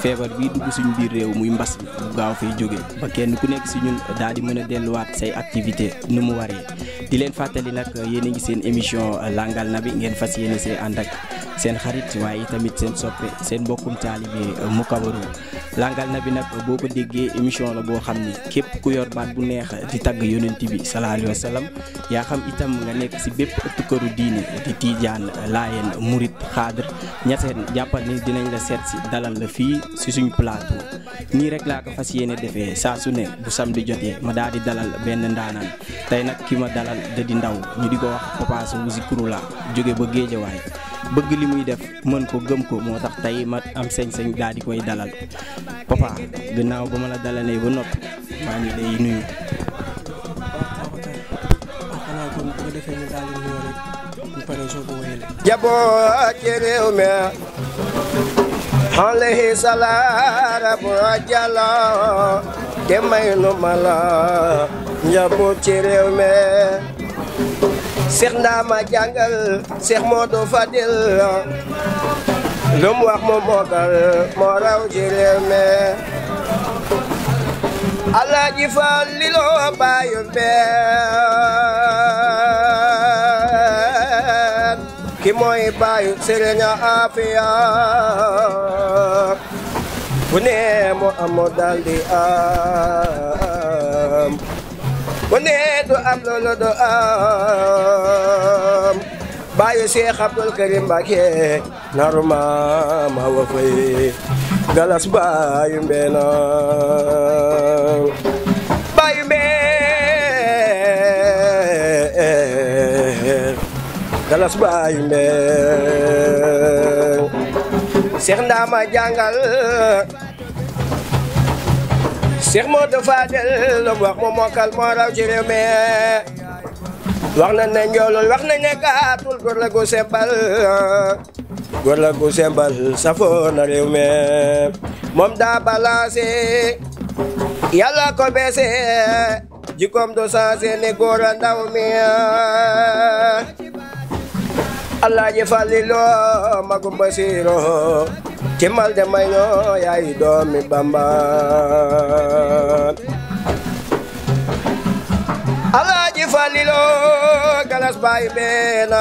feebar bii dugg suñu biir réew muy mbas bu gaaw fay jógee ba kenn ku nekk si ñun daal di mën a delluwaat say activité nu mu waree di leen fàttali nag yéen ngi sen émission eh, langal nabi ngene fas yene sen andak sen xarit waye tamit sen soppe seen eh, nabi taalibe Moukabaru langal na nak eh, boko boo ko émission la bo xamni ni képp ku yor baat bu neex di tag yonent bi sallallahu alayhi wasallam ya xam itam nga nek ci bépp ëttu këru di tidian layen murit khadir ñaten jappal ni dinañ la ci dalal la fi ci suñ plateau ni rek la ko fas yene defee sa su ne bu samedi jotté ma daal di dalal ben ndanan tay nak kima dalal da ndaw ñu di ko wax Papa Sow Zikrula jóge ba géejawaay bëgg li muy def mën ko gëm ko moo tax tey ma am sañ-sañ daal di koy dalal Papa gannaaw ba ma la dalalee ba noppi maa ngi lay nuyu. jaboo ci réew mi alayhi salaara bu jàlloo te may nu ma la njaboot ci réew mi Cheikh ndaa ma jàngal Cheikh Modou Fadil lu mu wax mu moogal moo raw ci réew mi Alaaji Falilu baayu mbeen ki mooy baayu Sëriñ Afiya bu ne mu amoo daldi am bu nee du am loolu du am baayu Cheikh Abdoul Karim Mbacké naru maama wa fay galas baayu mbeena baayu mbeen galas baayu mbeen Cheikh Ndama jàngal Cheikh Modou Fadel wax mu mokkal moo ci réew mi wax nañ ne njoolul wax nañ ne gàttul góor la gu sembal góor la gu moom daa balancé yàlla ko beese jikkoom du sensé ne góor a ndaw mi Alaaji Falilu magum Basiiro timal jama ñoo yaay doomi Bamba Alaaji Falilo galas baay beena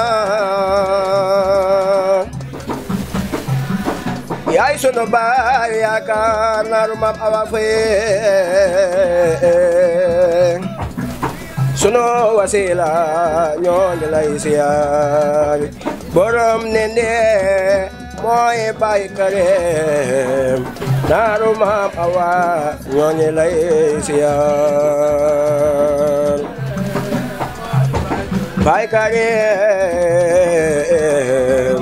yaay sunu baay yaakaar awa fee sunu wasila ñoo ngi borom ne mooy bay kareem naaru maam awa ñooñu lay siyaar bay kareem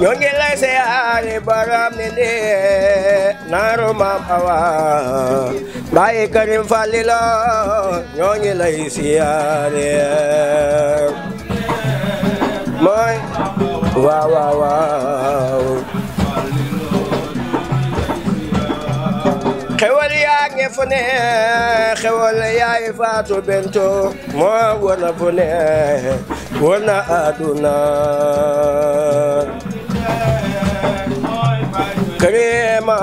ñooñu lay siyaar baram ne ne naaru maam awa bay kareem falilo ñooñu lay siyaar mooy waaw waaw waaw xewal yaa nge fu ne xewal wona fu wona aduna këreema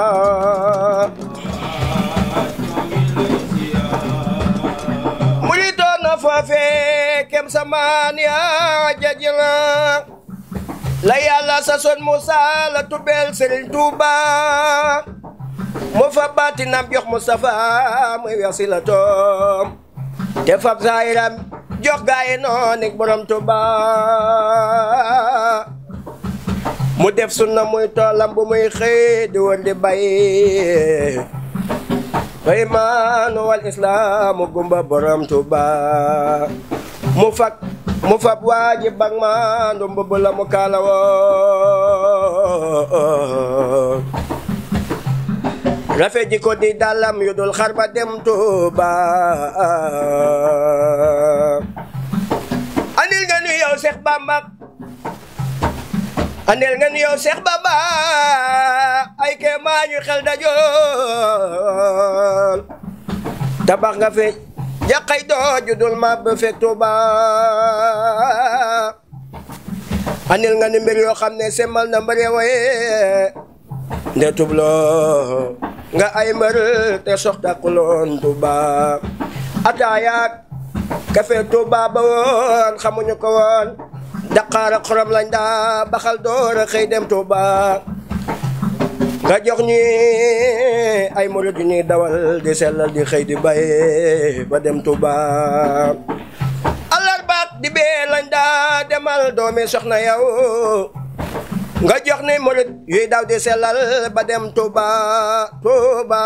muri doona foofe kem samaan yaa jajila la yàlla sa son Moussa la tubeel Serigne mu fa baatinam jox Moustapha muy wasilatom te fab zahiram jox gaaye noon ak borom Touba mu def sunna muy toolam bu muy xëy di wër di bay wa imaanu wal islaamu gumba borom Touba mu fak mu fab waaji bang ma ndum mu kaala rafet ji di dalam yu dul xar ba dem Tuuba andil nga nu Seex Bamba andil nga nu Seex Bamba ay kee maa xel dajool tabax nga feeñ yaqaydo judul ma befecto ba anil nga ni mbir yoo xam ne semal na mbëre waye nde tublo nga ay mbër te soxtakuloon Touba ataayaak kafe Touba ba woon xamuñu ko woon Dakara ak lañ daa baxal door a xëy dem nga jox ñi ay murid yu ñuy dawal di sellal di xëy di baye ba dem Touba alarbaat di bee lañ daa demal doomi soxna yow nga jox ni murid yuy daw di sellal ba dem Touba Touba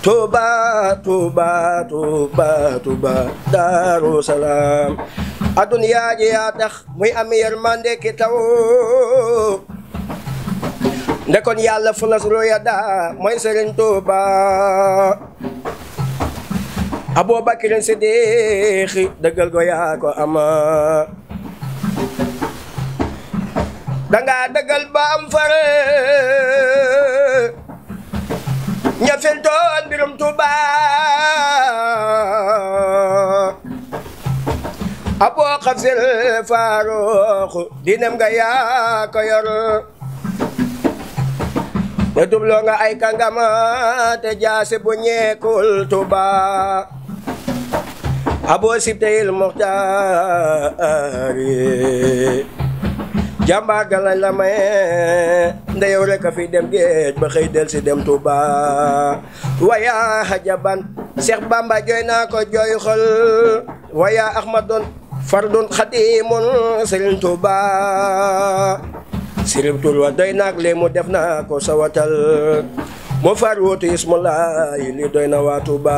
Touba Touba Touba Touba Daaru Salaam adduna ji yaa muy am yërmande taw ndekon yàlla fu nas royada mooy Sëriñ Tuuba Abubakar Siddiq dëggal ko yaa ko ama danga dëggal ba fare ña filtoon mbirum Abu Xafsil Faaruq dinem nga yaa ko ba tubloo nga ay kàngama te jaase bu ñeekul tuba aboo sibteyil muxtaari jàmbaar ga lañ la maye ndeyow rek a fi dem géej ba xëy del dem tuba waya hajaban seex bamba jooy naa ko jooy xol waya ahmadun fardun xadimun sëriñ tuba siribtul wa doy naak lee mu def naa ko sawatal moo far wootu ismulaay li doy na waa Tuuba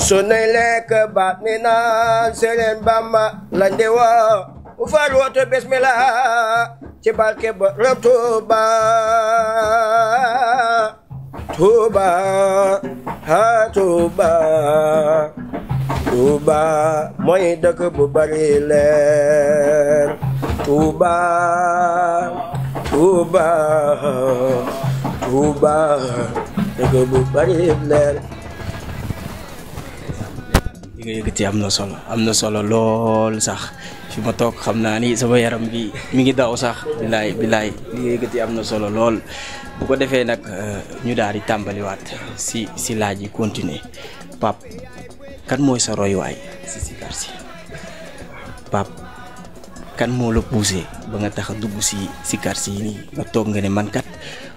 su lekk baat mi naan Sëriñ Bamba lañ di woo mu far wootu bismillah ci barke ba rëb Tuuba Tuuba Tuuba Tuba, moy deug bu bari leer tuba, Touba Touba deug bu bari leer li yeug ci amna solo amna solo lol sax fi ma tok xamna ni sama yaram bi mi ngi daw sax bilaay bilaay li nga yëkkati solo lol. bu ko defé nak ñu eh, daal tambali wat si si laaji continuer pap kan moy sa royuwaay si Karsi, garci pap kan mo lo poussé ba nga tax dugg si Karsi garci ni ba tok nga ne man kat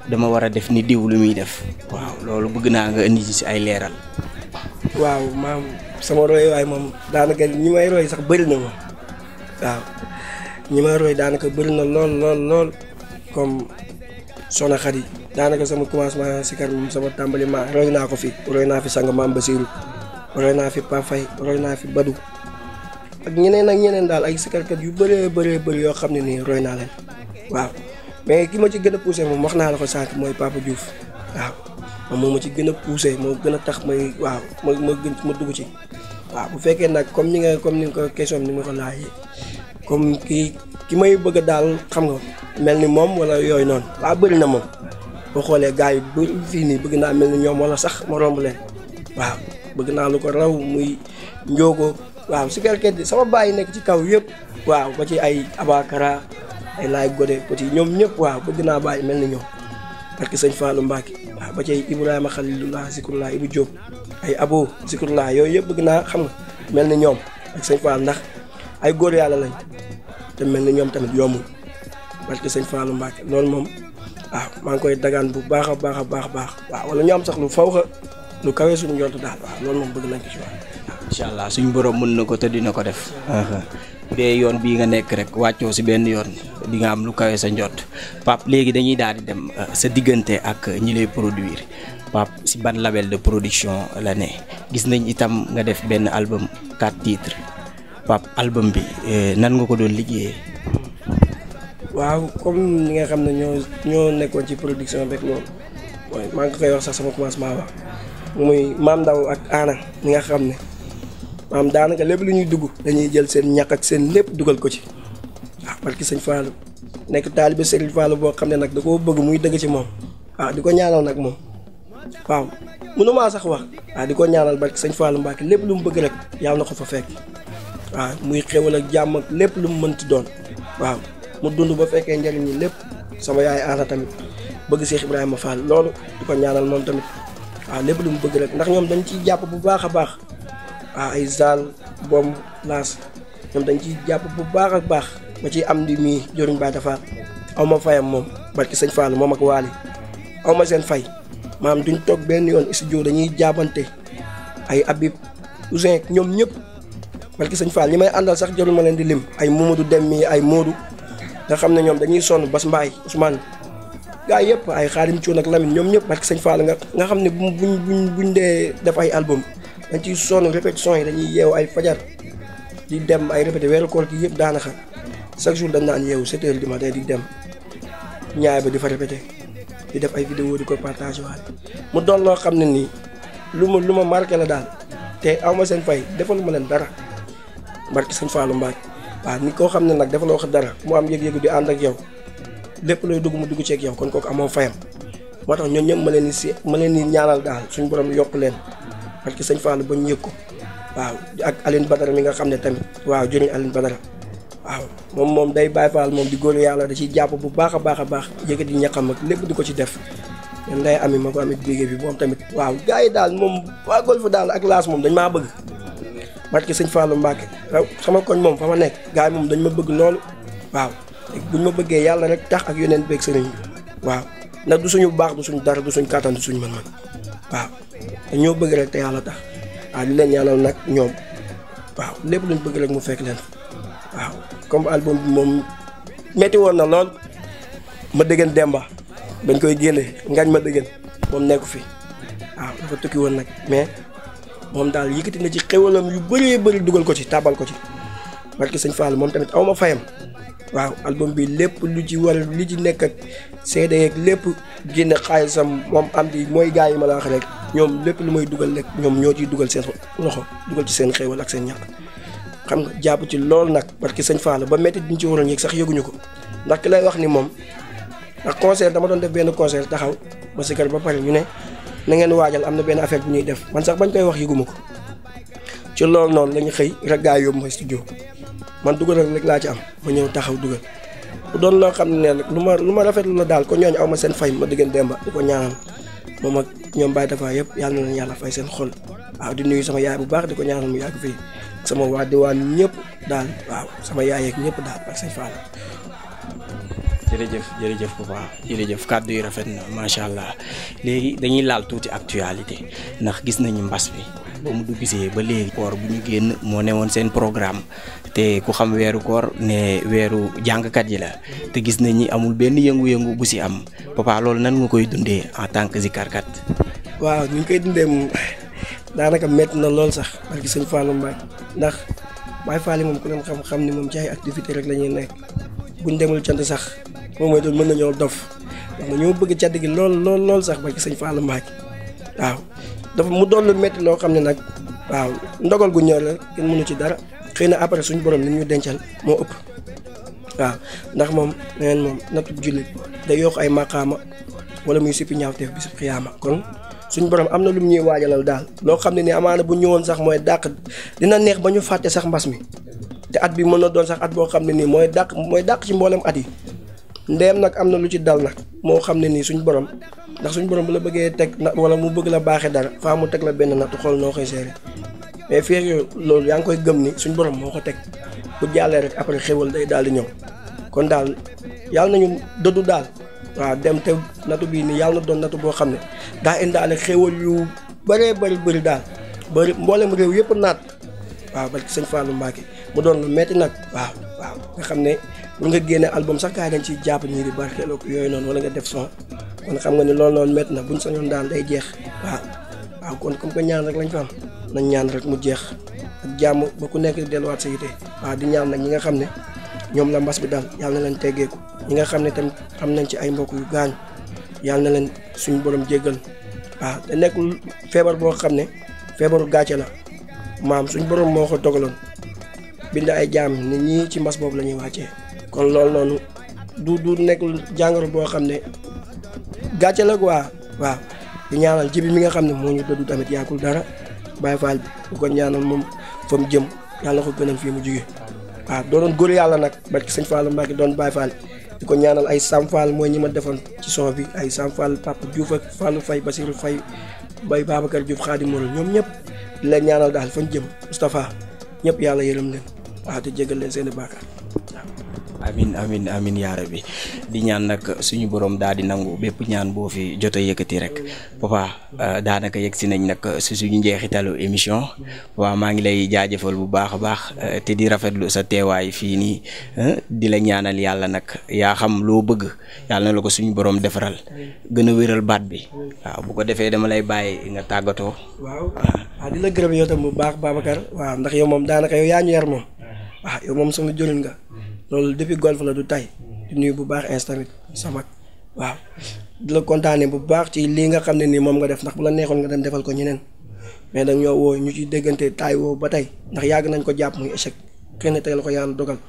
dama wara def ni diw lu mi def waaw loolu bëgg na nga indi ci ay léral waaw mam sama royuwaay moom daanaka ñi may roy sax bari na moom waaw ñi may roy naka bari na lool lool lool comme sona xadi naka sama commencement sikar moom sama tambali ma roy na ko fi roy na fi sang mam basiru roy naa fi Pafay roy naa fi Badou ak ñeneen ak ñeneen daal ay sikarkat yu bëree bëree bëri yoo xam ne nii roy naa leen waaw mais ki ma ci gën a poussé moom wax naa la ko sant mooy Papa Diouf waaw moom ma ci gën a poussé moo gën a tax may waaw ma ma gën ma dugg ci waaw bu fekkee nag comme ni nga comme ni nga ko question ni ma ko laajee comme ki ki may bëgg a daal xam nga mel ni moom wala yooyu noonu waa bëri na moom boo xoolee gars yi bëri fii nii bëgg naa mel ñoom wala sax ma leen waaw bëgg naa lu ko raw muy njóogo waaw sikarket bi sama bàyyi nekk ci kaw yëpp waaw ba ci ay abakara ay laay gode petit ñoom ñëpp waaw bëgg naa bàyyi mel ni ñoom parce que sëñ Fallou Mbacke waaw ba ci Ibrahima Khalilullah zikrullah Ibou Diop ay abo zikrullah yooyu yëpp bëgg naa xam mel ni ñoom sëñ Fallou ndax ay góor yàlla lañ te mel ni ñoom tamit yombul parce que sëñ Fallou Mbacke loolu moom waaw maa ngi koy dagaan bu baax a baax a baax a baax waaw wala ñu am sax lu faw lu kawé suñu yontu daal wax loolu moom bëgg nañ ko ci wax inshallah suñu borom mën nako ko te dina ko def dé yoon bi nga nek rek waccio ci ben yoon di nga am lu kawé sa njot pap légui dañuy daal di dem sa digënté ak ñi lay produire pap ci ban label de production la né gis nañ itam nga def ben album 4 titres pap album bi eh, nan nga ko doon liggéey waaw comme ni nga xamne ñoo ñoo nekkoon ci production rek lool waaye maa ngi koy wax sax sama commencement wax muy maam ndaw ak aana mi nga xam ne maam daanaka lépp lu ñuy dugg dañuy jël seen ñaq ak seen lépp dugal ko ci waaw parce que sëñ Fallou nekk taalibe sëriñ Fallou boo xam ne nag da koo bëgg muy dëgg ci moom waaw di ko ñaanal nag moom waaw mënumaa sax wax di ko ñaanal barke sëñ Fallou Mbacke lépp lu mu bëgg rek yàlla ko fa fekk waaw muy xéwal ak jàmm lépp lu mu mënti doon waaw mu dund ba fekkee njëriñ yi lépp sama yaay aana tamit bëgg Cheikh Ibrahima Fall loolu di ko ñaanal moom tamit ah lepp lu mu bëgg rek ndax ñom dañ ci japp bu baaxa baax ah ay zal bom las ñom dañ ci japp bu baax ak baax ma ci am di mii joriñ baay aw ma fayam mom barki sëñ Fall mom ak waali aw ma seen fay maam duñ tok ben yoon studio dañuy jabanté ay abib Ousseyn ñom ñëpp barki sëñ Fall ñimay andal sax jarul ma leen di lim ay Momadou Dem mi ay Modou nga xamne ñom dañuy sonu Bas mbay Ousmane gaa yëpp ay xaarim cuun ak Lamine ñoom ñëpp barke sëñ Fall nga nga xam ne buñ buñ buñ dee def ay album dañ ciy sonn répétition yi dañuy yeew ay fajar di dem ay répété weeru koor gi yëpp daanaka chaque jour dañ naan yeewu sept heures du matin di dem ñaay ba di fa répété di def ay vidéo di ko partagé waat mu loo xam ne nii lu ma lu ma marqué la daal te aw ma seen fay defal ma leen dara barke sëñ Fallou Mbacké waaw ni koo xam ne nag defaloo ko dara mu am yëg-yëgu di ànd ak yow lépp looy dugg mu dugg ceeg yow kon kooku amoon fayam moo tax ñoom ñëpp ma leen si ma leen di ñaanal daal suñu borom yokk leen parce que sëñ Fallou ba ñu waaw ak Aline Badara mi nga xam ne tamit waaw jëriñ Aline Badara waaw moom moom day Baye Fall moom di góor yàlla da ciy jàpp bu baax a baax a baax yëkkati di ñaqam ak lépp di ko ci def ñun nday ami ma ko amit bigé bi moom tamit waaw gars yi daal moom waa golf daal ak laas moom dañ maa bëgg parce que sëñ Fallou Mbacke sama koñ moom fa ma nekk gaa yi moom dañ ma bëgg loolu waaw buñ ma bëggee yàlla rek tax ak yeneen beeg sëriñ bi waaw ndax du suñu baax du suñu dara du suñu kàttan du suñu mën-mën waaw dañoo bëgg rek te yàlla tax waaw di leen ñaanal nag ñoom waaw lépp luñ bëgg rek mu fekk leen waaw comme album bi moom metti woon na lool ma dëggeen Demba bañ koy génnee ngañ ma dëggeen moom nekku fi waaw dafa tukki woon nag mais moom daal yëkkati na ci xéwalam yu bëree bari dugal ko ci taabal ko ci parce que sëñ Fall moom tamit awma fayam waaw album bi lépp lu ji war lu ci nekk ak CD yeeg lépp génne xaalisam moom am di mooy gars yi ma rek ñoom lépp lu may dugal rek ñoom ñoo ciy dugal seen loxo dugal ci seen xéewal ak seen ñàkk xam nga jàpp ci loolu nag parce que sëñ Fall ba métti diñ ci waroon yëg sax yëguñu ko ndax ki lay wax ni moom ndax concert dama doon def benn concert taxaw ba si kër ba pare ñu ne na ngeen waajal am na benn affaire bu ñuy def man sax bañ koy wax yëguma ko ci lool noonu la xëy rek gaa yóbbu ma studio man dugalal rek laa ci am ma ñëw taxaw dugal bu doon loo xam ne nag lu ma lu ma rafetlu la daal ko ñooñu aw ma seen fay ma diggante Demba di ko ñaanal moom ak ñoom Baye Tafa yëpp yal na leen yàlla fay seen xol waaw di nuyu sama yaay bu baax di ko ñaanal mu yàgg fii sama waa diwaan ñëpp daal waaw sama yaay yeeg ñëpp daal ak say faana. jërëjëf jërëjëf papa jërëjëf kàddu yi rafet na macha allah léegi dañuy laal tuuti actualité ndax gis nañu mbas bi. ba mu duggisee ba léegi koor bu ñu génn moo ne woon seen programme te ku xam weeru koor ne weeru jàngkat yi la te gis nañ ni amul benn yëngu-yëngu bu si am papa loolu nan nga koy dundee en tant que si zikarkat waaw ñu koy dundee moom daanaka métti na lool sax barki sëñ Fallou Mbacké ndax Baye Fall moom ku xam ni moom ci activité rek la ñuy demul cant sax moom mooy doon mën nañoo dof ndax ñoo bëgg cant gi lool lool lool sax barki sëñ Fallou waaw dafa mu doon lu métti loo xam ne nag waaw ndogal gu ñëw la kenn mënu ci dara xëy na après suñ borom li ñu dencal moo ëpp waaw ndax moom nee moom nattu jullit day yokk ay maqaama wala muy suppi ñaawteef bi sub xiyaama kon suñu borom am na lu ñuy waajalal daal loo xam ne ni amaana bu ñëwoon sax mooy dàq dina neex ba ñu fàtte sax mbas mi te at bi mën na doon sax at boo xam ne nii mooy dàq mooy dàq ci mboolem at yi ndeem nag am na lu ci dal nag moo xam ne nii suñu borom ndax suñu borom bu la bëggee teg na wala mu bëgg la baaxee dara faa mu teg la benn natt xool noo koy seere mais fii yooyu loolu yaa ngi koy gëm ni suñu borom moo ko teg bu jàllee rek après xéewal day daal di ñëw kon daal yàlla nañu dëddu daal waaw dem te natu bii nii yàlla na doon natu boo xam ne daa ale xéwal yu bëree bëri bari daal bari mboolem réew yëpp naat waaw barke sëñ Fallou Mbacke mu doon lu metti nag waaw waaw nga xam ne bu nga génnee album sax gaa yi ciy jàpp ñii di barkeeloo ko yooyu noonu wala nga def son kon xam nga ni loolu noonu métti na bu buñ sañoon daal day jeex waaw waaw kon comme que ñaan rek lañ fa nañ ñaan rek mu jeex ak jàmm ba ku nekk di delluwaat sa yite waaw di ñaan nag ñi nga xam ne ñoom la mbas bi daal yàlla na leen teggeeku ñi nga xam ne tamit am nañ ci ay mbokk yu gaañ yàlla na leen suñu boroom jéggal waaw te nekkul feebar boo xam ne feebaru gàcce na maam suñ borom moo ko dogaloon bind ay jaam nit ñi ci mbas boobu la ñuy wàccee kon loolu noonu boo xam gàcce la quoi waaw di ñaanal jibi mi nga xam ne moo ñu dëddu tamit yàggul dara Baye Fall bi bu ko ñaanal moom fa jëm yàlla ko gënal fii mu jóge waaw doo doon góor yàlla nag barki sëñ Fallou Mbacke doon Baye Fall di ko ñaanal ay Sam Fall mooy ñi ma defoon ci son bi ay Sam Fall Papa Diouf ak Fallou Faye Basirou Faye Baye Babacar Diouf Khadim Mourou ñoom ñëpp la ñaanal daal fañ jëm Moustapha ñëpp yàlla yërëm leen waaw te jégal leen seen i baakaar amin amin amin yaara bi di ñaan nag suñu boroom daal di nangu bépp ñaan boo fi jot a yëkkati rek papa euh, daanaka yegg si nañ nag si suñu njeexitalu émission waaw maa ngi lay jaajëfal bu baax a baax euh, te di rafetlu sa teewaay fii nii euh, di la ñaanal yàlla nag yaa xam loo bëgg yàlla na la ko suñu boroom defaral gën a wéral baat bi waaw bu ko defee dama lay bàyyi nga tàggatoo. waaw ah, di la gërëm yow bu baax Babacar waaw ndax yow moom daanaka yow yaa ñu yar loolu depuis golf la du tey di bu baax ins sa mag waaw di la kontaanee bu baax ci lii nga xam ne nii moom nga def ndax bu la neexoon nga dem defal ko ñeneen mais dañ ñoo woo ñu ci déggante taay ba tey ndax yàgg nañ ko jàpp muy échec xëy na tey la ko yàlla dogal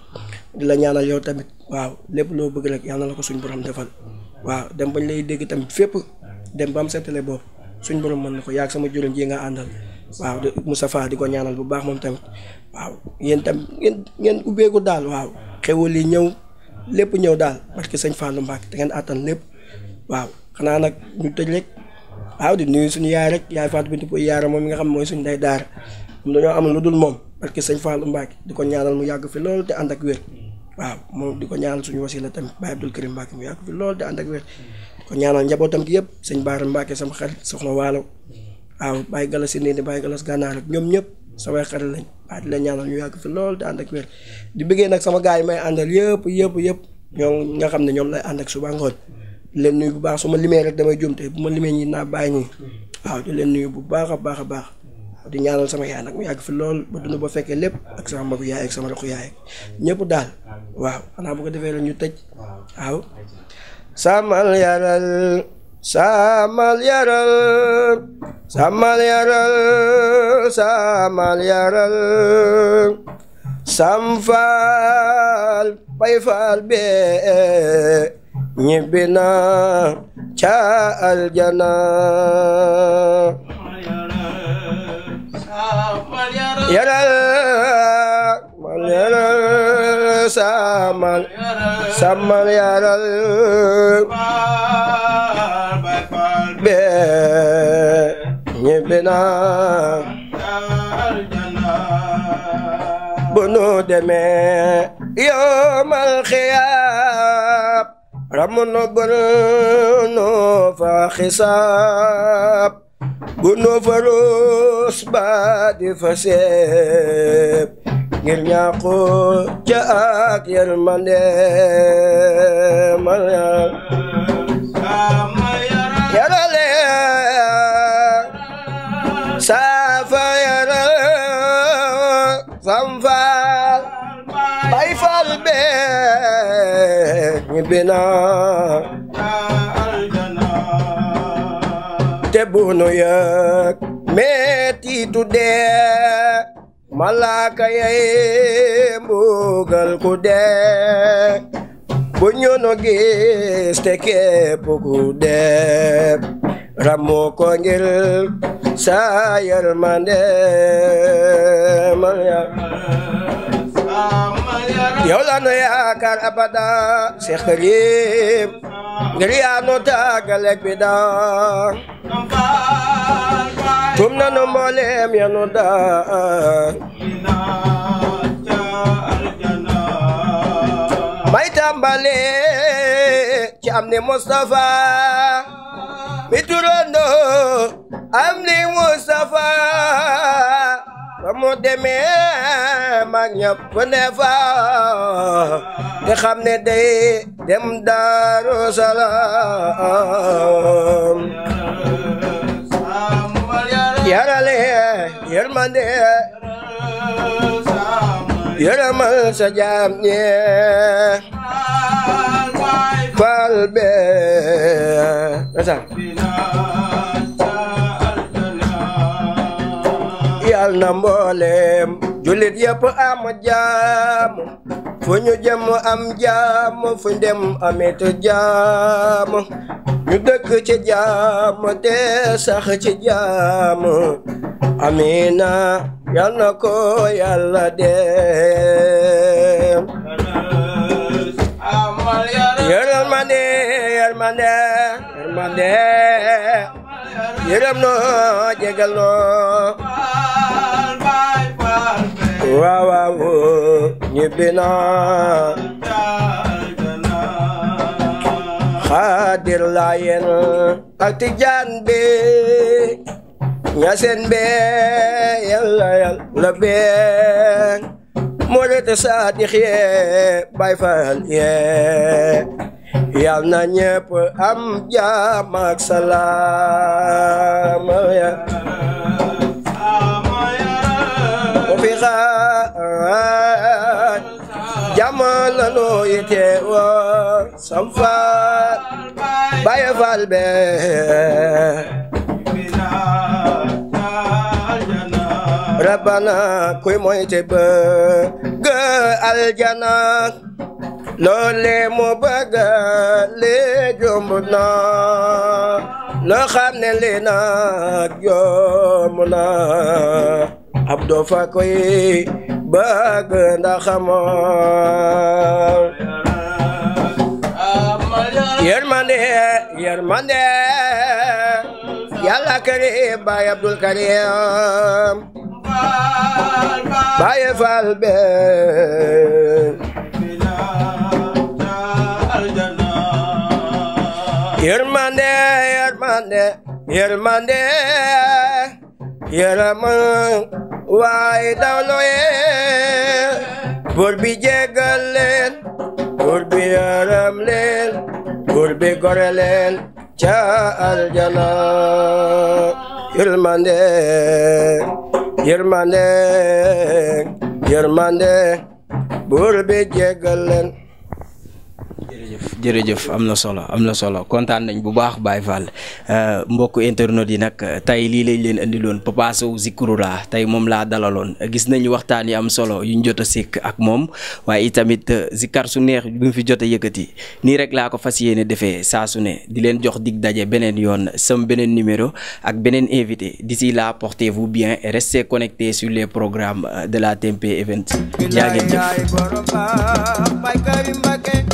di la ñaanal yow tamit waaw lépp loo bëgg rek yàlla na la ko suñu borom defal waaw dem bañ lay dégg tamit fépp dem ba am seetale boobu suñu borom mën na ko yàgg sama juróom ji nga àndal waaw Moustapha di ko ñaanal bu baax moom tamit waaw yéen tam xewal yi ñëw lépp ñëw daal parce que sëñ Fallou Mbacke da ngeen àttan lépp waaw xanaa nag ñu tëj rek waaw di nuyu suñu yaay rek yaay Fatou Bintou moom mi nga xam mooy suñu ndey daara moom dañoo am lu dul moom parce que sëñ Fallou di ko ñaanal mu yàgg fi loolu te ànd ak wér waaw moom di ko ñaanal suñu wasila tamit Baye Abdoul Karim Mbacke mu yàgg fi loolu te ànd ak wér di ko ñaanal njabootam gi yëpp sëñ Baara Mbacke sama xarit soxna waalo waaw Baye Galas si nii di Baye Galas gànnaar ak ñoom ñëpp samay xarit lañ waaye di la ñaanal ñu yàgg fi lool di ak wér di bëggee nag sama gars yi may àndal yëpp yëpp yëpp ñoo nga xam ne ñoom lay ànd ak suba ngoon di leen nuyu bu baax su ma limee rek damay jumte bu ma limee ñi naa bàyyi ñi waaw di leen nuyu bu baax a baax a baax di ñaanal sama yaay nag mu yàgg fi lool ba dund ba fekkee lépp ak sama magu yaay ak sama ñëpp daal waaw xanaa bu ko defee la ñu tëj waaw samal sàmmal yaral sàmmal yaral sàmmal yaral samfaal yaral mal yaral sàmmal sàmmal ñibbe ñibbe naa aljana demee yawmal xiyaab ramu nu fa xisaab bu fa ruus ba di fa seeb ngir ñaaqu ca ak yërmande bina te bunu yëg metti tuddee malaaka yay mbugal ku dee bu ñu nu gis te képp ku dee ramu ko ngir sa yërmande yow la nu yaakaar abada Seex Karim ngir yaa nu tàggaleeg bi daa na nu mbooleem ya nu daa may tàmbale ci am ni Mustafa turandoo am ni Mustafa ba mu demee mag ñëpp ne fa te xam ne day dem Daaru Salaam yarale yërmande yërëmal sa jaam ñee fal be yal jullit yëpp am jaam fu ñu jëm am jaam fu ñu dem amit jaam ñu dëkk ci jaam te sax ci jaam amina yal ko yàlla dem yërël ma ne yërël waaw waaw ñibbi xaadir laayeen ak tijaan bi ñaseen be yàlla yàlla be murit saadix ye bay faal ye yal na ñépp am jaam ak salaam jamala no yete wa samfal baye valbe rabbana koy moy te be ge aljana loole mu bëgg li jomb na loo xam ne li nag jomb na ab dofa koy bëgg ndax xamoon yërmande yërmande yàlla karim baay abdul karim baay faal be yërmande yërmande yërmande yërmande waa dawlo yee buur bi jéggal leen buur bi leen buur bi leen ca aljana yërmande yërmande yërmande buur bi leen jërëjëf jërëjëf am na solo am na solo kontaan nañ bu baax Baye Fall euh, mbokk internet yi nag tey lii lañ leen indiloon Papa Sow Zikroulah tey moom laa dalaloon gis nañu waxtaan yi am solo yuñ jot a sekk ak moom waaye itamit euh, zikar su neex bi fi jot a yëkkati nii rek laa ko fas yéene defee saa su ne di leen jox dig daje beneen yoon sam beneen numéro ak beneen invité d'ici là portez-vous bien et restez sur les programmes euh, de la TMP Event jaa ngeen